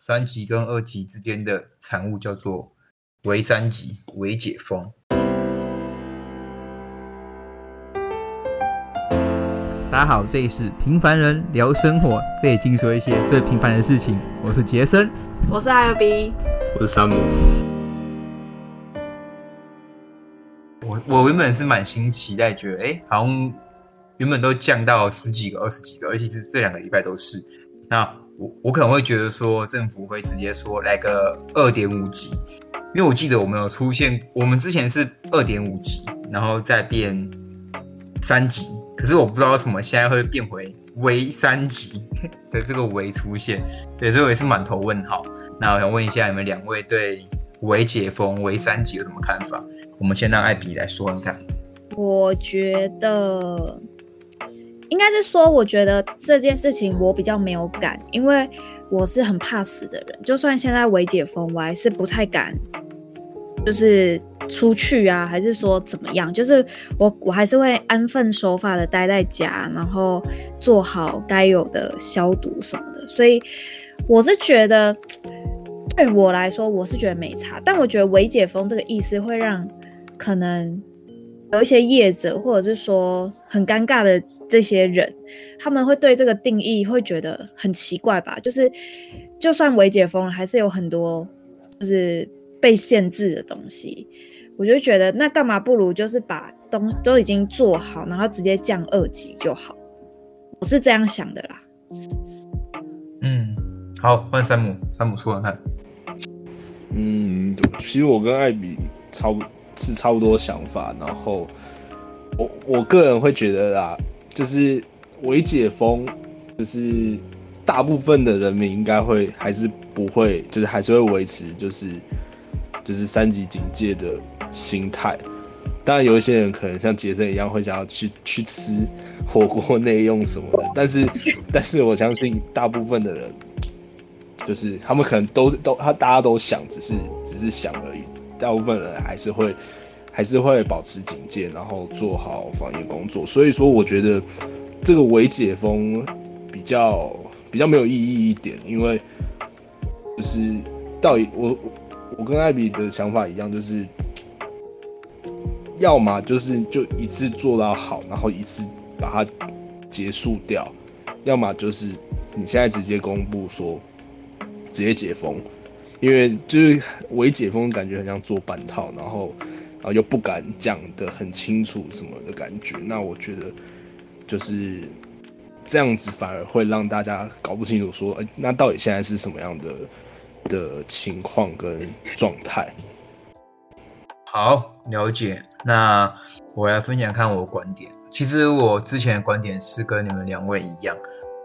三級跟二級之間的產物叫做微三級，微解封。大家好，這裡是平凡人聊生活，這裡淨說一些最平凡的事情。我是傑森，我是艾 B，我是山姆。我我原本是滿心期待，覺得哎，好像原本都降到十幾個、二十幾個，而且是這兩個禮拜都是那。我我可能會覺得說政府會直接說來個二點五級，因為我記得我們有出現，我們之前是二點五級，然後再變三級，可是我不知道為什麼現在會變回微三級的這個微出現，對，所以我也是滿頭問號。那我想問一下你們兩位對微解封微三級有什麼看法？我們先讓艾比來說，你看，我覺得。應該是說，我覺得這件事情我比較沒有敢，因為我是很怕死的人。就算現在微解封，我還是不太敢，就是出去啊，還是說怎麼樣？就是我，我還是會安分守法的待在家，然後做好該有的消毒什麼的。所以我是覺得，對我來說，我是覺得沒差。但我覺得微解封這個意思會讓可能。有一些業者，或者是說很尷尬的這些人，他們會對這個定義會覺得很奇怪吧？就是就算微解封了，還是有很多就是被限制的東西。我就覺得，那幹嘛不如就是把東西都已經做好，然後直接降二級就好。我是這樣想的啦。嗯，好，歡迎山姆，山姆出來看。嗯，其實我跟艾比差不。超是差不多想法，然後我我個人會覺得啦，就是微解封，就是大部分的人民應該會還是不會，就是還是會維持就是就是三級警戒的心態。當然，有一些人可能像傑森一樣會想要去去吃火鍋、內用什麼的，但是但是我相信大部分的人，就是他們可能都都他大家都想，只是只是想而已。大部分人還是會還是會保持警戒，然後做好防疫工作。所以說，我覺得這個微解封比較比較沒有意義一點，因為就是到底我我跟艾比的想法一樣，就是要麼就是就一次做到好，然後一次把它結束掉，要麼就是你現在直接公布說直接解封。因為就是微解封，感覺很像做半套，然後，然後又不敢講的很清楚什麼的感覺。那我覺得就是這樣子，反而會讓大家搞不清楚說，說、欸、那到底現在是什麼樣的的情況跟狀態？好，了解。那我來分享看我的觀點。其實我之前的觀點是跟你們兩位一樣，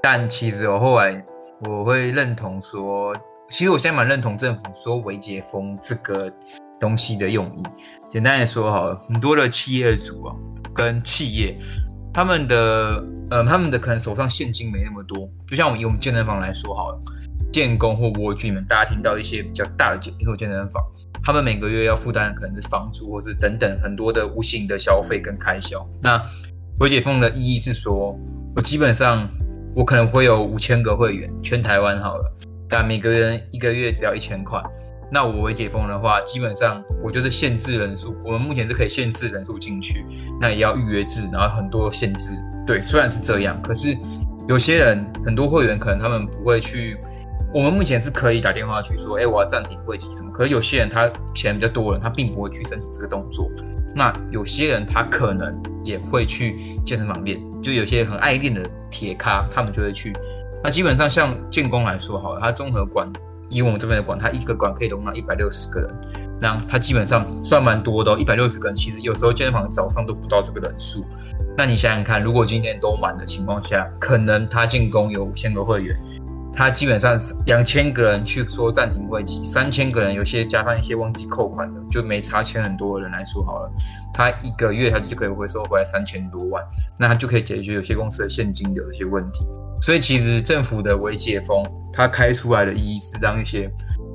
但其實我後來我會認同說。其實我現在蠻認同政府說微解封這個東西的用意。簡單的說，哈，很多的企業主啊，跟企業，他們的，呃，他們的可能手上現金沒那麼多。就像我們以我們健身房來說好了，建工或 World Gym 們，大家聽到一些比較大的健，例如健身房，他們每個月要負擔的可能是房租或是等等很多的無形的消費跟開銷。那微解封的意義是說，我基本上我可能會有五千個會員，全台灣好了。每個人一個月只要一千塊，那我微解封的話，基本上我就是限制人數。我們目前是可以限制人數進去，那也要預約制，然後很多限制。對，雖然是這樣，可是有些人很多會員可能他們不會去。我們目前是可以打電話去說，哎、欸，我要暫停會籍什麼。可是有些人他錢比較多人，人他並不會去申請這個動作。那有些人他可能也會去健身房練，就有些很愛練的鐵咖，他們就會去。那基本上像建工來說好，好它綜合館以我們這邊的館，它一個館可以容納一百六十個人，那它基本上算蠻多的哦，一百六十個人。其實有時候健身房早上都不到這個人數，那你想想看，如果今天都滿的情況下，可能他建工有五千個會員。他基本上是兩千個人去說暫停會籍，三千個人有些加上一些忘記扣款的，就沒差錢很多的人來說好了，他一個月他就可以回收回來三千多萬，那他就可以解決有些公司的現金流的一些問題。所以其實政府的微解封，它開出來的意義是讓一些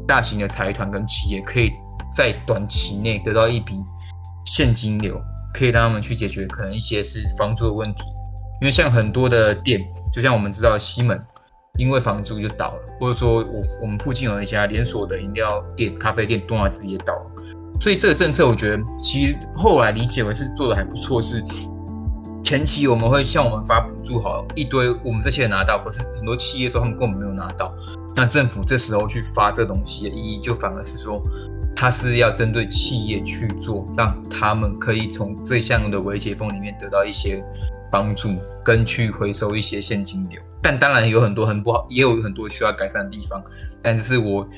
大型的財團跟企業可以在短期內得到一筆現金流，可以讓他們去解決可能一些是房租的問題，因為像很多的店，就像我們知道的西門。因為房租就倒了，或者說，我我們附近有一家連鎖的飲料店、咖啡店，突然之間也倒了，所以這個政策我覺得其實後來理解為是做得還不錯，是前期我們會向我們發補助好，好一堆我們這些人拿到，可是很多企業說他們根本沒有拿到。那政府這時候去發這東西的意義，就反而是說它是要針對企業去做，讓他們可以從這項的微解封裡面得到一些。幫助跟去回收一些現金流，但當然有很多很不好，也有很多需要改善的地方。但是我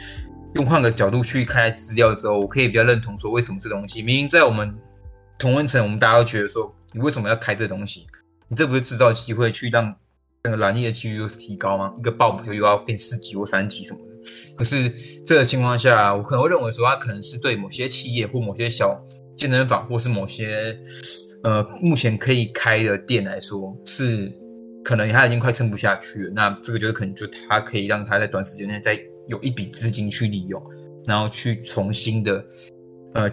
用換個角度去看資料之後，我可以比較認同說，為什麼這東西明明在我們同溫層，我們大家都覺得說，你為什麼要開這東西？你這不是制造機會去讓整個染疫的幾率又是提高嗎？一個爆不就又要變四級或三級什麼的。可是這個情況下啊，我可能會認為說，它可能是對某些企業或某些小健身房，或是某些。呃，目前可以開的店來說是，可能他已經快撐不下去了。那這個就是可能就他可以讓他在短時間內再有一筆資金去利用，然後去重新的呃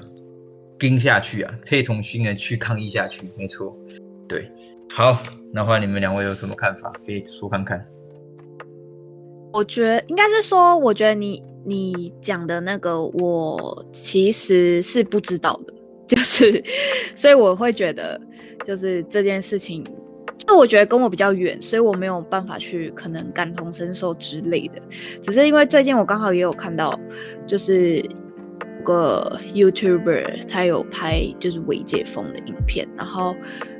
盯下去啊，可以重新的去抗疫下去。沒錯，對，好，那話你們兩位有什麼看法？可以說看看。我覺得應該是說，我覺得你你講的那個，我其實是不知道的。 所以我會覺得就是這件事情，就我覺得跟我比較遠，所以我沒有辦法去可能感同身受之類的。只是因為最近我剛好也有看到，就是個 YouTuber 他有拍就是微解封的影片，然後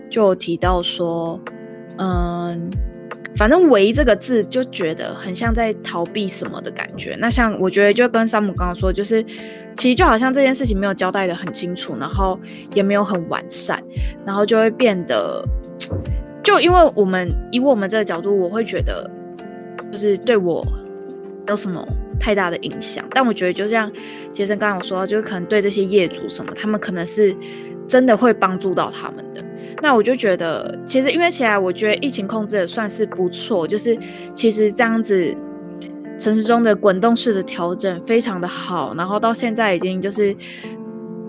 就提到說，嗯。反正“微”這個字就覺得很像在逃避什麼的感覺。那像我覺得就跟山姆剛剛說，就是其實就好像這件事情沒有交代的很清楚，然後也沒有很完善，然後就會變得，就因為我們以我們這個角度，我會覺得就是對我沒有什麼太大的影響。但我覺得就像杰森剛剛我說，就是可能對這些業主什麼，他們可能是真的會幫助到他們的。那我就覺得，其實因為起來，我覺得疫情控制的算是不錯，就是其實這樣子，陳時中的滾動式的調整非常的好，然後到現在已經就是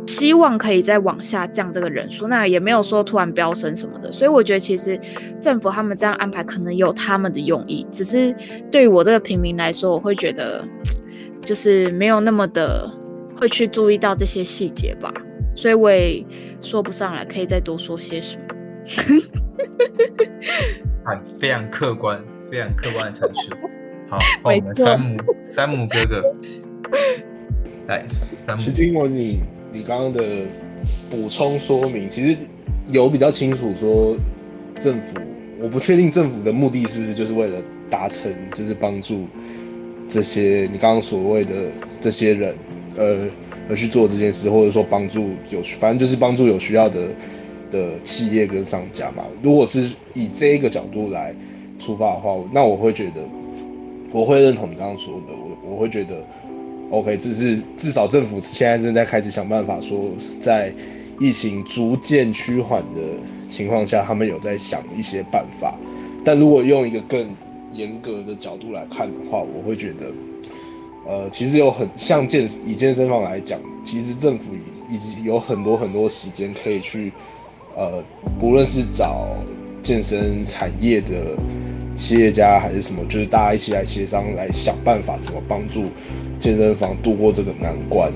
希望可以再往下降這個人數，那也沒有說突然飆升什麼的，所以我覺得其實政府他們這樣安排可能有他們的用意，只是對於我這個平民來說，我會覺得就是沒有那麼的會去注意到這些細節吧，所以我也。說不上來，可以再多說些什麼？啊 非常客觀，非常客觀的陳述。好， 好，我們山姆，山 姆哥哥，來，Nice 是經過你你剛剛的補充說明，其實有比較清楚說政府，我不確定政府的目的是不是就是為了達成，就是幫助這些你剛剛所謂的這些人，呃。而去做這件事，或者說幫助有，反正就是幫助有需要的的企業跟商家嘛。如果是以這個角度來出發的話，那我會覺得，我會認同你剛剛說的，我我會覺得，OK，只是至少政府現在正在開始想辦法，說在疫情逐漸趨緩的情況下，他們有在想一些辦法。但如果用一個更嚴格的角度來看的話，我會覺得。呃，其實有很像健以健身房來講，其實政府已已經有很多很多時間可以去，呃，不論是找健身產業的企業家還是什麼，就是大家一起來協商，來想辦法怎麼幫助健身房度過這個難關，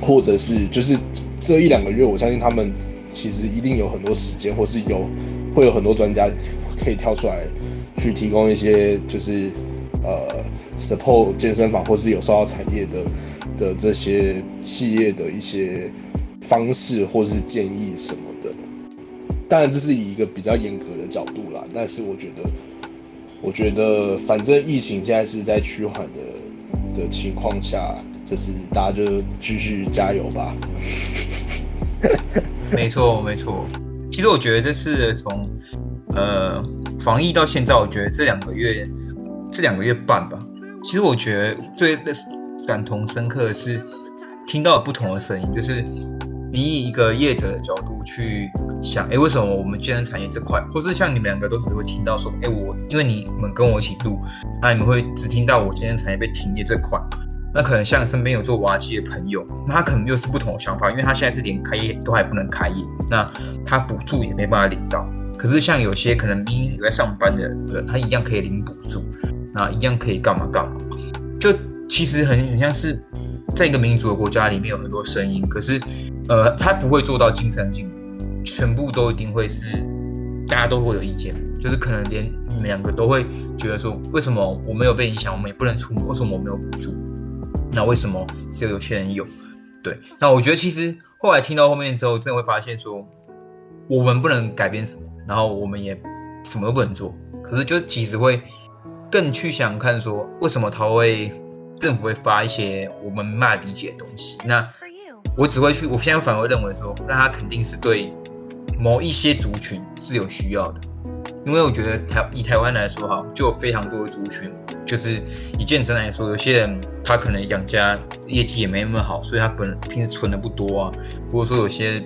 或者是就是這一兩個月，我相信他們其實一定有很多時間，或是有會有很多專家可以跳出來去提供一些就是呃。support 健身房或是有受到產業的的這些企業的一些方式或是建議什麼的，當然這是以一個比較嚴格的角度啦。但是我覺得，我覺得反正疫情現在是在趨緩的的情況下，就是大家就繼續加油吧。沒錯，沒錯。其實我覺得這是從呃防疫到現在，我覺得這兩個月，這兩個月半吧。其實我覺得最感同深刻的是，聽到不同的聲音，就是你以一個業者的角度去想，哎、欸，為什麼我們健身產業這塊，或是像你們兩個都只會聽到說，哎、欸，我因為你們跟我一起錄，那、啊、你們會只聽到我健身產業被停業這塊，那可能像身邊有做娃娃機的朋友，那他可能又是不同的想法，因為他現在是連開業都還不能開業，那他補助也沒辦法領到，可是像有些可能明明有在上班的人，他一樣可以領補助。那一樣可以幹嘛幹嘛，就其實很很像是在一個民主的國家裡面有很多聲音，可是，呃，他不會做到盡善盡美，全部都一定會是大家都會有意見，就是可能連你們兩個都會覺得說，為什麼我沒有被影響？我們也不能出門，為什麼我沒有補助？那為什麼只有有些人有？對，那我覺得其實後來聽到後面之後，真的會發現說，我們不能改變什麼，然後我們也什麼都不能做，可是就其實會。更去想看說，為什麼他會政府會發一些我們不理解的東西？那我只會去，我現在反而認為說，那他肯定是對某一些族群是有需要的，因為我覺得台以台灣來說哈，就有非常多的族群，就是以健身來說，有些人他可能養家業績也沒那麼好，所以他本平時存的不多啊，或者說有些。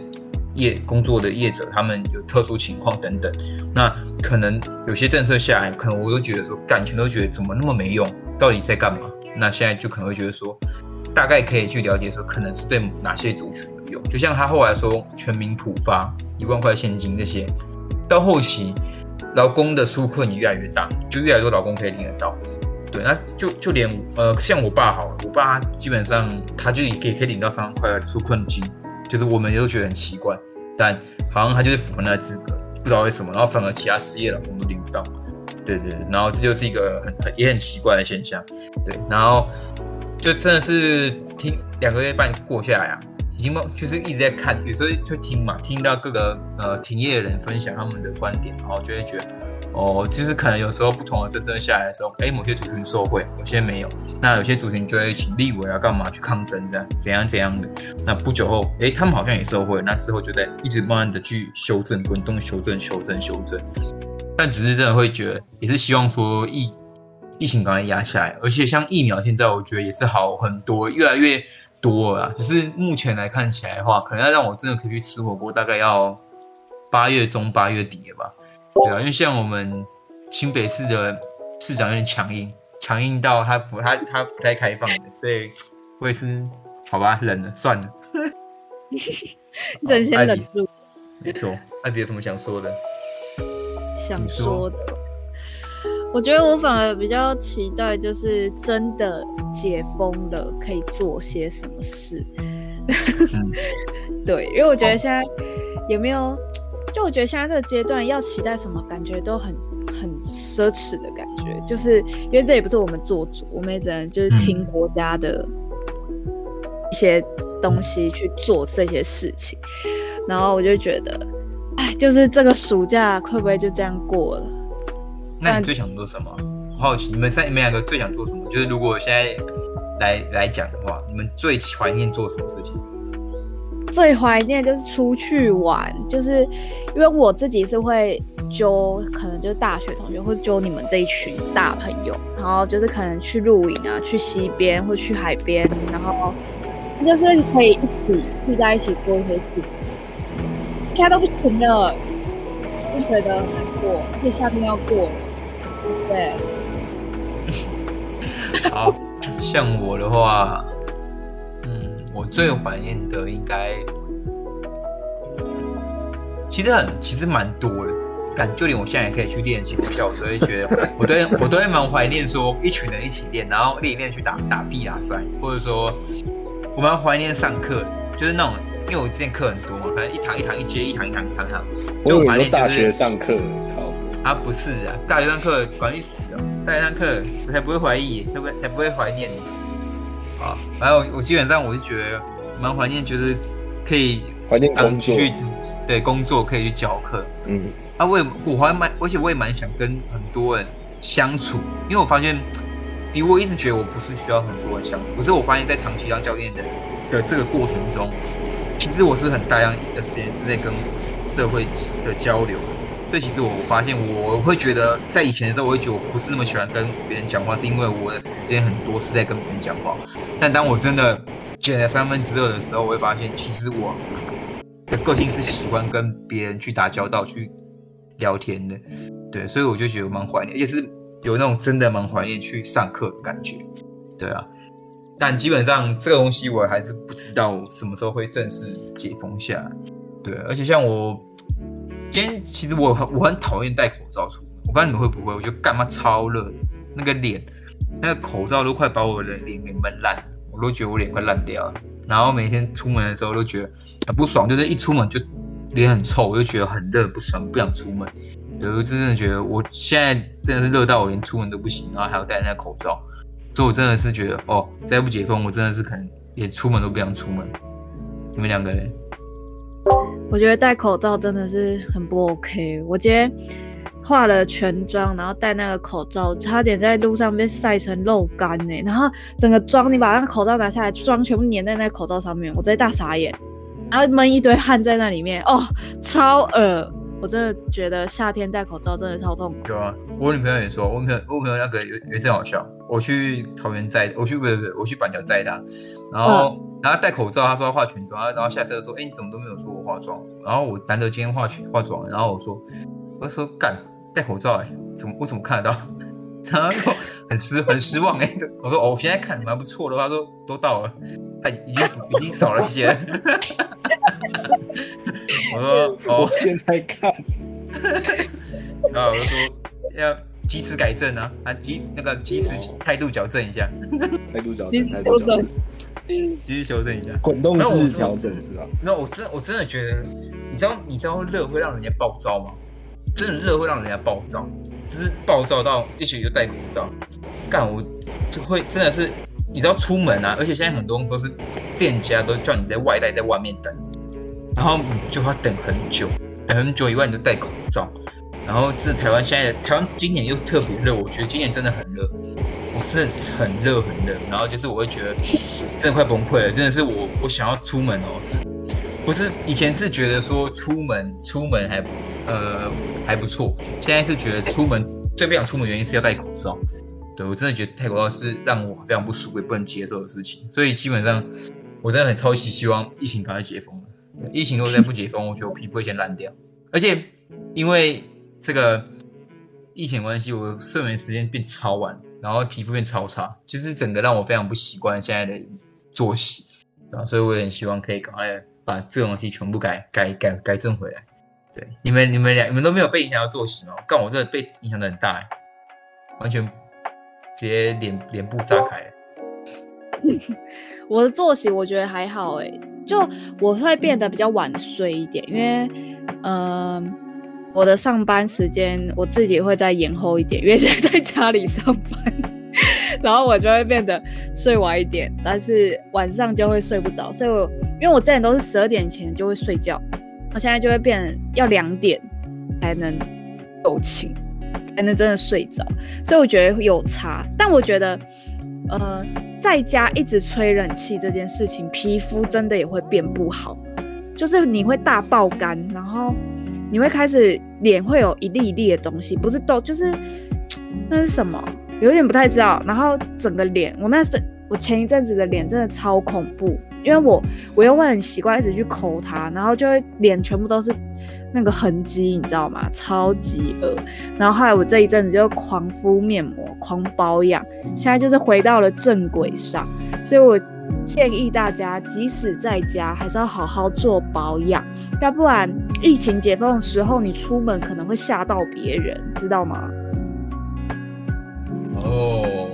業工作的業者，他們有特殊情況等等，那可能有些政策下來，可能我都覺得說，以前都覺得怎麼那麼沒用，到底在幹嘛？那現在就可能會覺得說，大概可以去了解說，可能是對哪些族群有用。就像他後來說，全民普發一萬塊現金這些，到後期勞工的紓困也越來越大，就越來越多勞工可以領得到。對，那就就連呃，像我爸好了，我爸基本上他就也可以可以領到三萬塊的紓困金。就是我們也都覺得很奇怪，但好像他就是符合那個資格，不知道為什麼，然後反而其他失業了，我們都領不到。對，對對，然後這就是一個很很也很奇怪的現象。對，然後就真的是聽兩個月半過下來啊，已經就是一直在看，有時候就聽嘛，聽到各個呃停業的人分享他們的觀點，然後就會覺得。哦，就是可能有時候不同的政策下來的時候，哎，某些族群受惠，某些沒有，那有些族群就會請立委啊幹嘛去抗爭，這樣怎樣怎樣的。那不久後，哎，他們好像也受惠，那之後就在一直慢慢的去修正、滾動修正、修正、修正。但只是真的會覺得，也是希望說疫疫情趕快壓下來，而且像疫苗現在我覺得也是好很多，越來越多了。只是目前來看起來的話，可能要讓我真的可以去吃火鍋，大概要八月中八月底了吧。對啊，因為像我們清北市的市長有點強硬，強硬到他不他他不太開放 所以會是好吧，忍了，算了。忍先忍住，哦、 沒錯。艾比有什麼想說的？想說的，說我覺得我反而比較期待，就是真的解封了，可以做些什麼事、 嗯。對，因為我覺得現在有沒有？就我覺得現在這個階段要期待什麼？感覺都很很奢侈的感覺，就是因為這也不是我們做主，我們也只能就是聽國家的一些東西去做這些事情。嗯。然後我就覺得，哎，就是這個暑假會不會就這樣過了？嗯。那你最想做什麼？我好，好奇你們三你們兩個最想做什麼？就是如果現在來來講的話，你們最懷念做什麼事情？最懷念就是出去玩，就是因為我自己是會揪，可能就是大學同學，或者揪你們這一群大朋友，然後就是可能去露營啊，去溪邊或去海邊，然後就是可以一起聚在一起做一些事。現在都不行了，就覺得很難過，而且夏天要過了，對。好像我的話。我最懷念的應該其實很其實蠻多的，感就連我現在也可以去練習，我都會覺得我都我都會蠻懷念說一群人一起練，然後練一練去打打 B 打賽，或者說我們要懷念上課，就是那種因為我之前課很多嘛，反正一堂一堂一節一,一堂一堂一堂，就我懷念、就是、我說大學上課，啊不是啊，大學上課管你死啊，大學上課我才不會懷疑，會不會才不會懷念你。啊，然後我基本上我就覺得蠻懷念，就是可以，啊，去，對，工作可以去教課，嗯，啊我也我還蠻而且我也蠻想跟很多人相處，因為我發現，因為我一直覺得我不是需要很多人相處，可是我發現，在長期當教練的的這個過程中，其實我是很大量的時間是在跟社會的交流。所以其實我發現，我會覺得在以前的時候，我會覺得我不是那麼喜歡跟別人講話，是因為我的時間很多是在跟別人講話。但當我真的減了三分之二的時候，我會發現，其實我的個性是喜歡跟別人去打交道、去聊天的。對，所以我就覺得蠻懷念，而且是有那種真的蠻懷念去上課的感覺。對啊，但基本上這個東西我還是不知道什麼時候會正式解封下來。對啊，而且像我。今天其實我很我很討厭戴口罩出門，我不知道你們會不會，我覺得幹嘛超熱，那個臉，那個口罩都快把我的臉給悶爛，我都覺得我臉快爛掉了。然後每天出門的時候都覺得很不爽，就是一出門就臉很臭，我就覺得很熱不爽，不想出門。有一次真的覺得我現在真的是熱到我連出門都不行，然後還要戴那個口罩，所以我真的是覺得哦，再不解封，我真的是可能連出門都不想出門。你們兩個呢？我覺得戴口罩真的是很不 OK 欸。我今天化了全妝，然後戴那個口罩，差點在路上被曬成肉乾呢，欸。然後整個妝，你把那個口罩拿下來，妝全部粘在那個口罩上面，我直接大傻眼，然後悶一堆汗在那裡面，哦，超惡我真的覺得夏天戴口罩真的超痛苦。對啊，我女朋友也說，我女朋友，我女朋友那個有有一次好笑，我去桃園摘，我去不對不對，我去板橋摘他，然後、嗯、然後他戴口罩，她說要化全妝，然後下車說，哎、嗯欸，你怎麼都沒有說我化妝？然後我難得今天化全化妝，然後我說，我說幹戴口罩，欸，哎，怎麼我怎麼看得到？她說很失很失望。哎，欸，我說哦，我現在看蠻不錯的，她說都到了，她已經已經少了一些了。 我說、哦，我現在看 然後我就說，啊，我說要及時改正啊，啊，及那個及時態度矯正一下，態 度矯正，態度矯正，繼續修正一下。滾動式調整是吧，啊？那我、啊、我真，我真的覺得，你知道，你知道熱會，會讓人家暴躁嗎？真的熱會讓人家暴躁，只是暴躁到一起去就戴口罩。幹我，就會真的是，你知道出門啊，而且現在很多都是店家都叫你在外帶，在外面等。然後就要等很久，等很久以外，你就戴口罩。然後是台灣現在，台灣今年又特別熱，我覺得今年真的很熱，哇，真的很熱很熱。然後就是我會覺得真的快崩潰了，真的是我我想要出門哦，是不是？以前是覺得說出門出門還呃還不錯，現在是覺得出門最不想出門原因是要戴口罩。對，我真的覺得戴口罩是讓我非常不舒服、也不能接受的事情，所以基本上我真的很超級希望疫情趕快解封。疫情都在不解封，我覺得我皮膚會先爛掉。而且因為這個疫情關係，我睡眠時間變超晚，然後皮膚變超差，就是整個讓我非常不習慣現在的作息。啊，所以我也很希望可以趕快把這種東西全部改改改改正回來。對，你們你們倆你們都沒有被影響到作息嗎？但我真的被影響的很大，欸，完全直接臉臉部炸開了。我的作息我覺得還好哎、欸。就我會變得比較晚睡一點，因為，嗯、呃，我的上班時間我自己會再延後一點，因為現在在家裡上班，然後我就會變得睡晚一點，但是晚上就會睡不着，所以我因為我之前都是十二點前就會睡覺，我現在就會變得要兩點才能夠情，才能真的睡着，所以我覺得有差，但我覺得。呃，在家一直吹冷氣這件事情，皮膚真的也會變不好，就是你會大爆乾，然後你會開始臉會有一粒一粒的東西，不是痘，就是那是什麼，有點不太知道。然後整個臉，我那時我前一陣子的臉真的超恐怖，因為我我又會很習慣一直去摳它，然後就會臉全部都是。那個痕跡你知道嗎？超級惡。然後後來我這一陣子就狂敷面膜、狂保養，現在就是回到了正軌上。所以我建議大家，即使在家，還是要好好做保養，要不然疫情解封的時候你出門可能會嚇到別人，知道嗎？哦。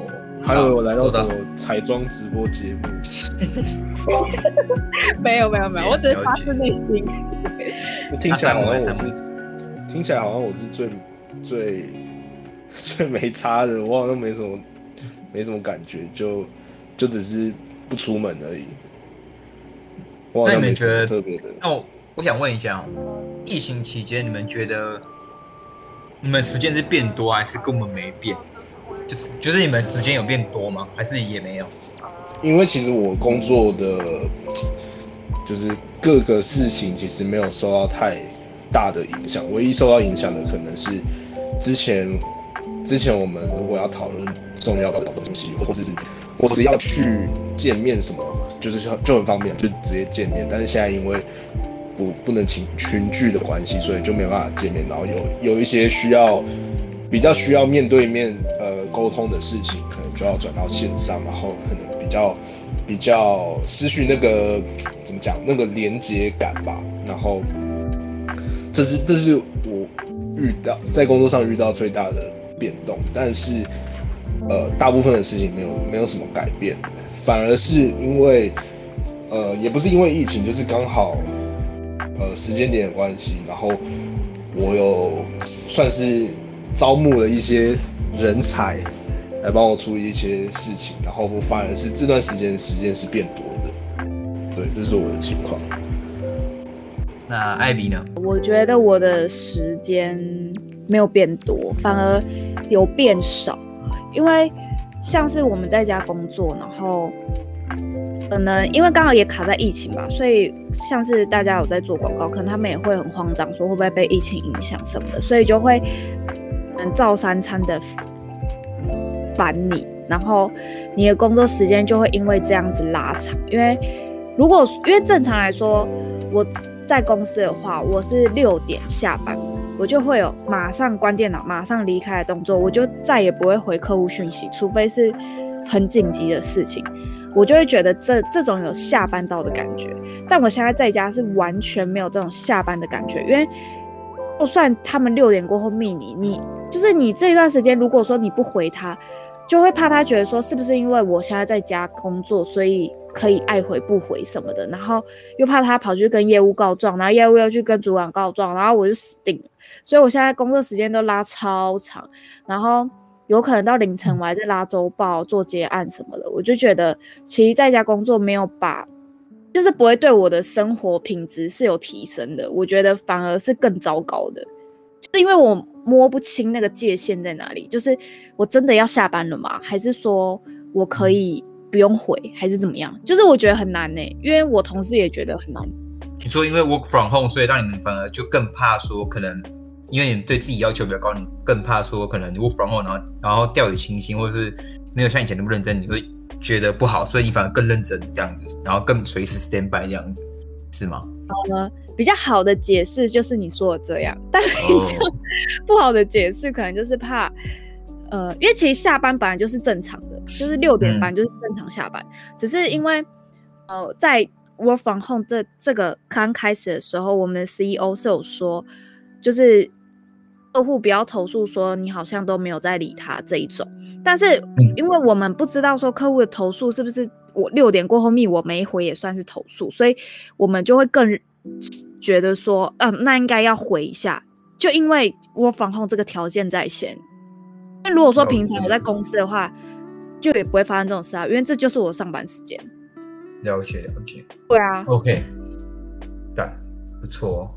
還以為我來到什麼彩妝直播節目。 哇 沒、沒有沒有沒有，我只是發自內心。聽起來好像我是、啊、我是，聽起來好像我是最，嗯、最最沒差的，我好像沒什麼沒什麼感覺，就就只是不出門而已。我好像沒覺得特別的。那你們覺得？那我我想問一下哦，疫情期間你們覺得你們時間是變多還是根本沒變？就是覺得、就是、你們時間有變多嗎？還是也沒有？因為其實我工作的就是各個事情，其實沒有受到太大的影響。唯一受到影響的，可能是之前之前我們如果要討論重要的東西，或者是或者要去見面什麼的話，就是就很方便，就直接見面。但是現在因為不不能請群聚的關係，所以就沒有辦法見面。然後有有一些需要。比較需要面對面呃溝通的事情，可能就要轉到線上，嗯，然後可能比較比較失去那個怎麼講那個連接感吧。然後這是這是我遇到在工作上遇到最大的變動，但是呃大部分的事情沒有沒有什麼改變，反而是因為呃也不是因為疫情，就是剛好呃時間點的關係，然後我有算是。招募了一些人才來幫我處理一些事情，然後我反而是這段時間的時間是變多的。對，這是我的情況。那艾米呢？我覺得我的時間沒有變多，反而有變少，因為像是我們在家工作，然後可能因為剛好也卡在疫情嘛，所以像是大家有在做廣告，可能他們也會很慌張，說會不會被疫情影響什麼的，所以就會。能照三餐的煩你，然後你的工作時間就會因為這樣子拉長。因為如果因為正常來說，我在公司的話，我是六點下班，我就會有馬上關電腦、馬上離開的動作，我就再也不會回客戶訊息，除非是很緊急的事情，我就會覺得這這種有下班到的感覺。但我現在在家是完全沒有這種下班的感覺，因為就算他們六點過後密你，你。就是你這一段時間，如果說你不回他，就會怕他覺得說是不是因為我現在在家工作，所以可以愛回不回什麼的，然後又怕他跑去跟業務告狀，然後業務又去跟主管告狀，然後我就死定了。所以我現在工作時間都拉超長，然後有可能到凌晨我還在拉周報、做結案什麼的。我就覺得其實在家工作沒有把，就是不會對我的生活品質是有提升的，我覺得反而是更糟糕的。是因為我摸不清那個界限，在哪裡？就是我真的要下班了嗎？還是說我可以不用回，還是怎麼樣？就是我覺得很難呢、欸，因為我同事也覺得很難。你說因為 work from home，所以讓你們反而就更怕說可能，因為你們對自己要求比較高，你更怕說可能你 work from home，然後然後掉以輕心，或是沒有像以前那麼認真，你會覺得不好，所以你反而更認真這樣子，然後更隨時 stand by 這樣子，是嗎？好的。比較好的解釋就是你說的這樣，但比較、oh. 不好的解釋可能就是怕，呃，因為其實下班本來就是正常的，就是六點半就是正常下班，嗯、只是因為，哦、呃，在 work from home 這這個剛開始的時候，我們的 CEO 是有說，就是客戶不要投訴說你好像都沒有在理他這一種，但是因為我們不知道說客戶的投訴是不是我六點過後 mail 我沒回也算是投訴，所以我們就會更。覺得說，嗯、呃，那應該要回一下，就因為我防控這個條件在先。那如果說平常我在公司的話，了解了解了解了解，就也不會發生這種事啊，因為這就是我上班時間。了解了解。對啊。OK。對，不錯。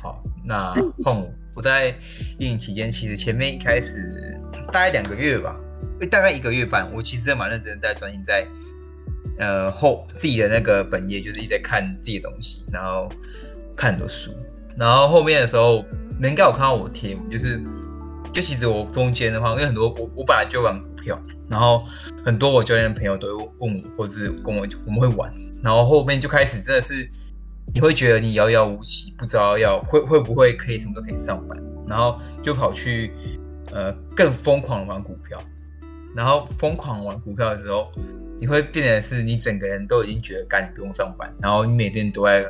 好，那 換我。我在運營期間，其實前面一開始大概兩個月吧，大概一個月半，我其實也蠻認真在專心在，呃，後自己的那個本業，就是一直在看自己的東西，然後。看很多書，然後後面的時候，你應該有看到我的貼，就是就其實我中間的話，因為很多我我本來就玩股票，然後很多我教練的朋友都會問我，或者是跟我我們會玩，然後後面就開始真的是你會覺得你遙遙無期，不知道要會會不會可以什麼都可以上班，然後就跑去呃更瘋狂玩股票，然後瘋狂玩股票的時候，你會變得是你整個人都已經覺得幹，你不用上班，然後你每天都在。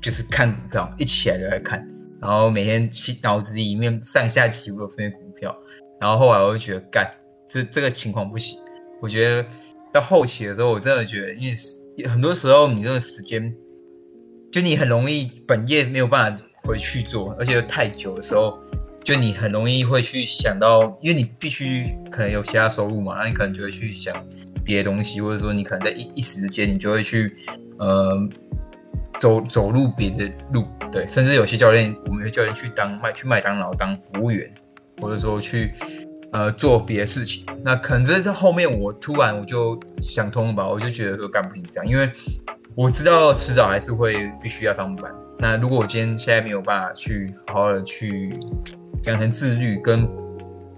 就是看股票，一起來就在看，然後每天起腦子裡面上下起伏的這些股票，然後後來我就覺得，幹這這個情況不行。我覺得到後期的時候，我真的覺得，因為很多時候你這個時間，就你很容易本業沒有辦法回去做，而且又太久的時候，就你很容易會去想到，因為你必須可能有其他收入嘛，那、啊、你可能就會去想別的東西，或者說你可能在一一時之間，你就會去，呃。走走入別的路，對，甚至有些教練，我們有些教練去當麥去麥當勞當服務員，或者說去呃做別的事情。那可能到後面，我突然我就想通了吧，我就覺得說幹不行這樣，因為我知道遲早還是會必須要上班。那如果我今天現在沒有辦法去好好的去養成自律，跟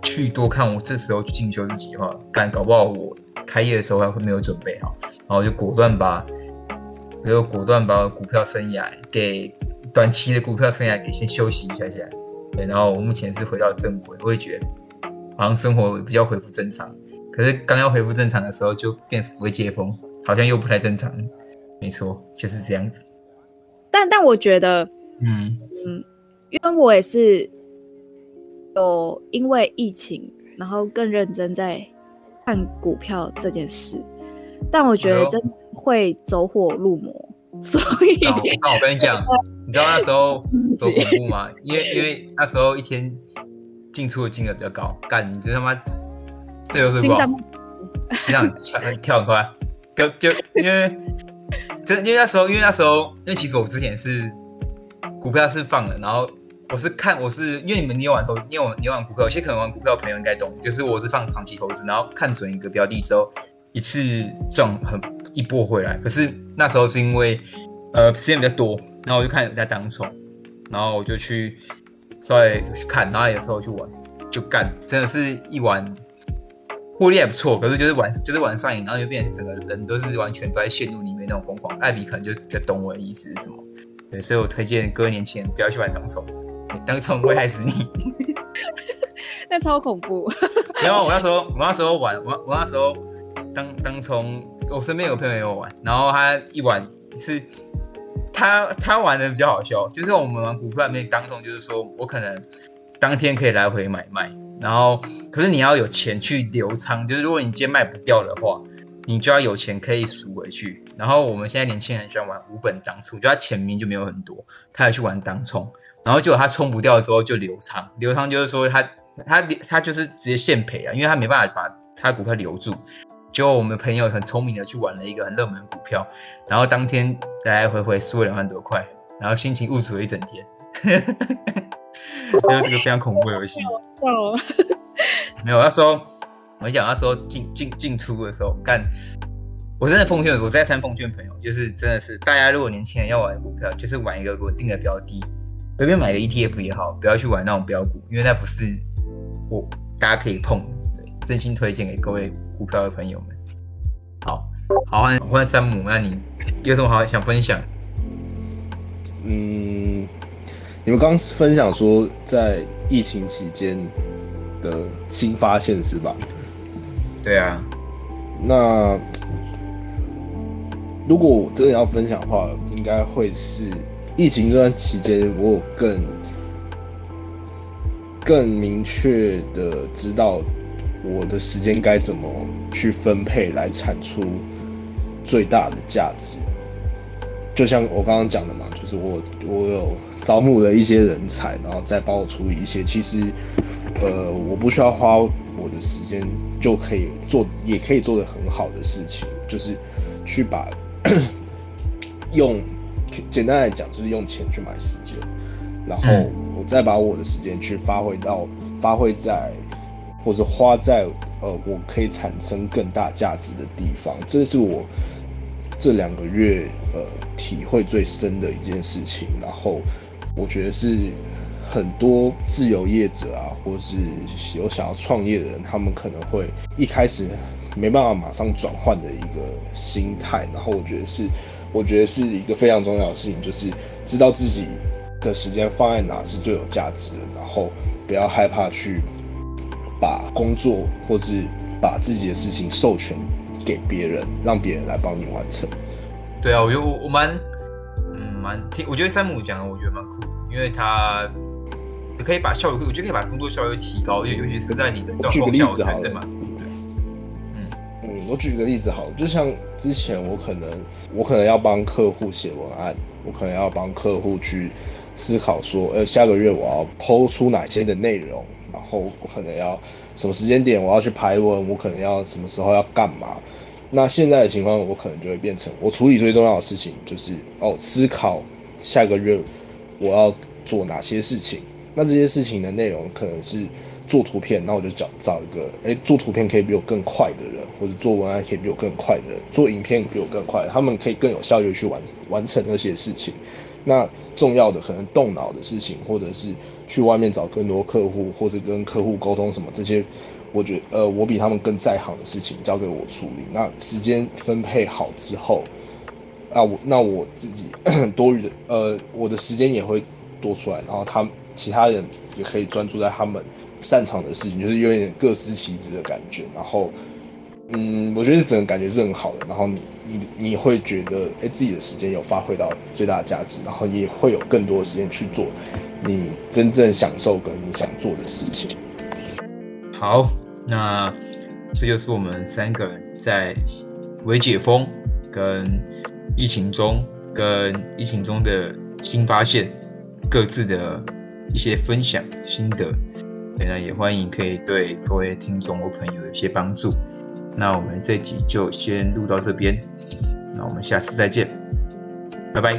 去多看我這時候去進修自己的話，幹搞不好我開業的時候還會沒有準備好，然後就果斷把。所以我果斷把我股票生涯給短期的股票生涯給先休息一下一下，對，然後我目前是回到正軌，我也覺得好像生活比較恢復正常，可是剛要恢復正常的時候就變成不會解封，好像又不太正常，沒錯，就是這樣子。但但我覺得，嗯嗯，因為我也是有因為疫情，然後更認真在看股票這件事，但我覺得真。啊會走火入魔，所以那、哦哦、我跟你講， 你知道那時候走火入魔嗎？因為因為那時候一天進出的金額比較高，幹你知他媽這就是股票，心臟跳很快， 就就因為，就因為那時候，因為那時候，因為其實我之前是股票是放了，然後我是看我是因為你們捏完投捏完捏完股票，有些可能玩股票的朋友應該懂，就是我是放長期投資，然後看準一個標的之後一次撞很。很一波回來，可是那時候是因為，呃，時間比較多，然後我就看人家當沖，然後我就去稍微去看，然後有時候去玩，就幹，真的是一玩，獲利還不錯，可是就是玩就是玩上癮，然後就變成整個人都是完全都在陷入裡面那種瘋狂。艾比可能就比較懂我的意思是什麼，對，所以我推薦各位年輕人不要去玩當沖，欸，當沖會害死你，那 超恐怖。然 後我那時候我那時候玩我我那時候當當沖。當沖我身邊有朋友也有玩，然後他一玩是，他他玩的比較好笑，就是我們玩股票裡面當沖就是說，我可能當天可以來回買賣，然後可是你要有錢去留倉，就是如果你今天賣不掉的話，你就要有錢可以贖回去。然後我們現在年輕人喜歡玩無本當沖，就他錢面，就沒有很多，他也去玩當沖，然後結果他沖不掉之後就留倉，留倉就是說他他他，他就是直接現賠啊，因為他沒辦法把他股票留住。就我們朋友很聰明的去玩了一個很熱門的股票，然後當天來來回回輸了兩萬多塊，然後心情鬱卒了一整天。因 為這個非常恐怖的遊戲。 沒有，沒有。他說，我講他說進進進出的時候，我幹，我真的奉勸我再三奉勸朋友，就是真的是大家如果年輕人要玩的股票，就是玩一個我，就是，定的比較低，隨便買個 ETF 也好，不要去玩那種飆股，因為那不是我大家可以碰。對，真心推薦給各位。股票的朋友們，好，好，歡迎歡迎山姆，那你有什麼好想分享？嗯，你們剛分享說在疫情期間的新發現是吧？對啊，那如果我真的要分享的話，應該會是疫情這段期間，我有更更明確的知道，我的時間該怎麼去分配來產出最大的價值？就像我剛剛講的嘛，就是我我有招募了一些人才，然後再幫我處理一些。其實，呃，我不需要花我的時間就可以做，也可以做得很好的事情，就是去把 用簡單來講，就是用錢去買時間，然後我再把我的時間去發揮到發揮在。或者花在呃，我可以產生更大價值的地方，這是我這兩個月呃體會最深的一件事情。然後我覺得是很多自由業者啊，或者是有想要創業的人，他們可能會一開始沒辦法馬上轉換的一個心態。然後我覺得是，我覺得是一個非常重要的事情，就是知道自己的時間放在哪，是最有價值的，然後不要害怕去。把工作或是把自己的事情授權給別人，讓別人來幫你完成。對啊，我覺得我我蠻嗯蠻聽，我覺得三木講的我覺得蠻酷，因為他你可以把效率，我覺得可以把工作效率提高，一點、嗯、因為尤其是在你的舉個例子好了，好了對，嗯嗯，我舉個例子好了，就像之前我可能我可能要幫客戶寫文案，我可能要幫客戶去思考說，呃，下個月我要 PO 出哪些的內容。然後我可能要什麼時間點我要去排文，我可能要什麼時候要幹嘛？那現在的情況，我可能就會變成我處理最重要的事情就是哦，思考下個月我要做哪些事情。那這些事情的內容可能是做圖片，那我就找找一個誒，做圖片可以比我更快的人，或者做文案可以比我更快的人，做影片，比我更快，他們可以更有效率去完完成那些事情。那重要的可能動腦的事情，或者是去外面找更多客戶，或者跟客戶溝通什麼這些，我覺得呃我比他們更在行的事情交給我處理。那時間分配好之後，那我那我自己咳咳多餘的呃我的時間也會多出來，然後他其他人也可以專注在他們擅長的事情，就是有點各司其職的感覺。然後嗯，我覺得這整個感覺是很好的。然後你。你你會覺得，哎、欸，自己的時間有發揮到最大的價值，然後也會有更多的時間去做你真正享受跟你想做的事情。好，那這就是我們三個人在微解封跟疫情中跟疫情中的新發現，各自的一些分享心得。當然也歡迎可以對各位聽眾和朋友有一些幫助。那我們這集就先錄到這邊，那我們下次再見，拜拜。